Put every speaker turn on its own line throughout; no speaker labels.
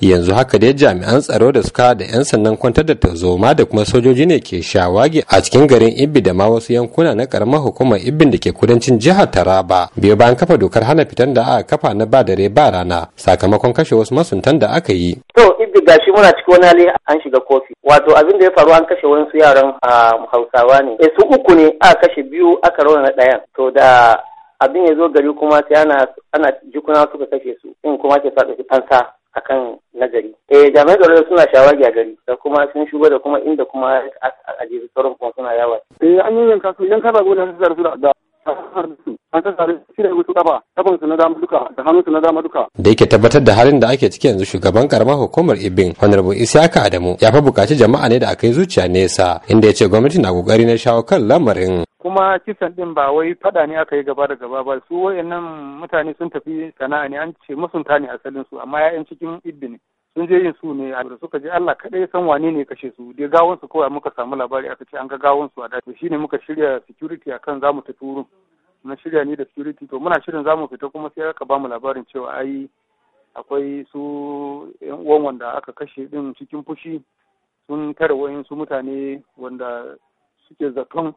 yanzu haka dai jami'an tsaro da suka da 'yan sannan kwantar da tarzoma da kuma sojoji ne ke shawagi a cikin garin Ibi. da ma wasu yankuna na karamar hukumar Ibin da ke kudancin jihar taraba biyo bayan kafa dokar hana fitan da aka kafa na ba dare ba rana sakamakon kashe wasu masuntan da aka yi
to ibbi shi muna cikin wani an shiga kofi wato abin da ya faru an kashe wasu yaran a hausawa ne eh, su uku ne a kashe biyu aka rauna ɗayan to da abin ya zo gari kuma sai ana ana jikuna suka kashe su in kuma ke sa fansa akan nagari eh jami'an tsaro suna shawagi a gari da kuma sun shigo da kuma inda kuma a jiri sauran kuma suna yawa eh an yi yanka su yanka ba gona sun su da an san shi da wasu kafa kafan su na dama duka da hannun su na dama duka
da yake tabbatar da halin da ake ciki yanzu shugaban karamar hukumar ibin honorable isaka adamu ya fa bukaci jama'a ne da aka yi zuciya nesa inda ya ce gwamnati na kokari na shawo kan lamarin
kuma kisan din ba wai faɗa ne aka yi gaba da gaba ba su wayannan mutane sun tafi sana'a ne an ce masunta ne asalin su amma ya'yan cikin iddi ne sun je yin su ne a da suka je Allah kaɗai san wane ne kashe su dai gawon su kawai muka samu labari aka ce an ga gawon su a shi shine muka shirya security akan zamu tafi wurin na shirya ni da security to muna shirin zamu fita kuma sai aka bamu labarin cewa ai akwai su yan uwan wanda aka kashe din cikin fushi sun tare wayan su mutane wanda suke zaton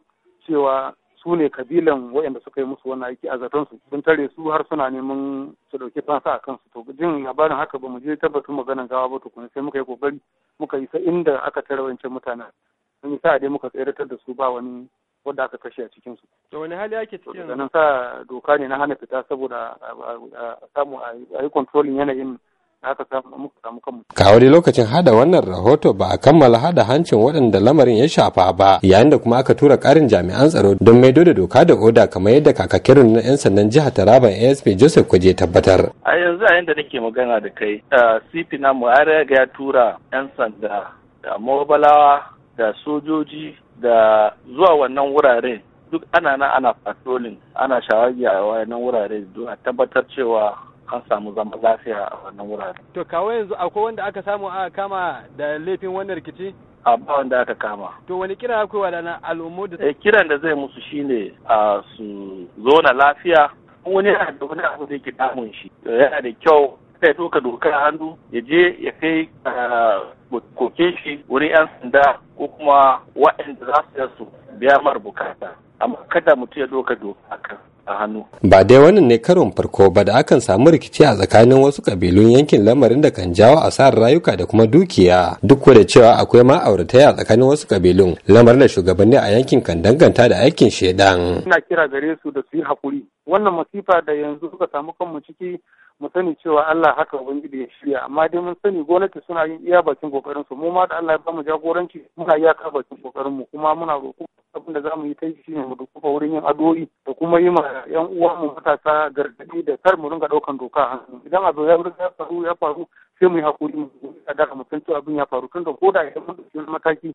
cewa su ne kabilan waɗanda suka yi musu wannan aiki a zaton su sun tare su har suna neman su ɗauki fansa a kansu to jin labarin haka ba mu je tabbatun maganan gawa ba tukuna sai muka yi kokari muka isa inda aka tare wancan mutanen sun yi sa dai muka tsayar da su ba wani wanda aka kashe a cikin su. to wani hali ake cikin? sa doka ne na hana fita saboda a samu a yi kontrolin yanayin haka
wani lokacin hada wannan rahoto ba a kammala hada hancin waɗanda lamarin ya shafa ba yayin da kuma aka tura ƙarin jami'an tsaro don maido da doka da oda kamar yadda kakakin na 'yan sandan jihar Taraba ASP Joseph Kwaje tabbatar.
A yanzu a yanda nake magana da kai CP namu ya ya tura 'yan sanda da mobalawa da sojoji da zuwa wannan wuraren duk ana na ana patrolling ana shawagi a wannan wurare don a tabbatar cewa an samu zama lafiya a wannan wurare. To kawo yanzu akwai wanda aka samu aka kama da laifin wannan rikici? A ba wanda aka kama. To wani kira akwai wadana al'ummu da? Eh kiran da zai musu shine a su zona lafiya. Wani yana da wani abu da yake damun shi. Yana da kyau sai ɗauka dokar hannu ya je ya kai koke shi wuri 'yan sanda ko kuma waɗanda za su biya mara bukata. Amma kada mutum ya doka doka a a hannu.
Ba dai wannan ne karon farko ba da akan samu rikici a tsakanin wasu kabilun yankin lamarin da kan jawo asarar rayuka da kuma dukiya duk da cewa akwai ma auratayya a tsakanin wasu kabilun lamarin da shugabanni a yankin kan danganta da aikin shedan. Ina
kira gare su da su yi hakuri wannan masifa da yanzu suka samu kanmu ciki mu sani cewa Allah haka ubangiji ya shirya amma dai mun sani gwamnati suna yin iya bakin kokarin su mu ma da Allah ya bamu jagoranci muna iya ka bakin kokarin mu kuma muna roƙo abin da za mu yi ta yi shine mu dukufa wurin yin adoyi da kuma yi ma yan uwa mu matasa gargaɗi da kar mu ringa ɗaukan doka a hannu idan abu ya riga ya faru ya faru sai mu yi hakuri mu sadaka mu san abin ya faru da ko da idan mun ɗauki wani mataki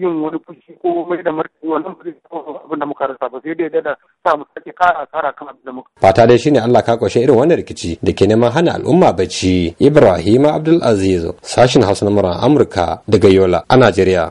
yin wani fushi ko mai da martani wannan ba zai abin da muka rasa ba sai dai da sa mu sake kara asara kan abin da muka
fata dai shine Allah ka kwashe irin wannan rikici da ke neman hana al'umma bacci Ibrahim Abdul Aziz sashin Hausa na Amurka daga Yola a Najeriya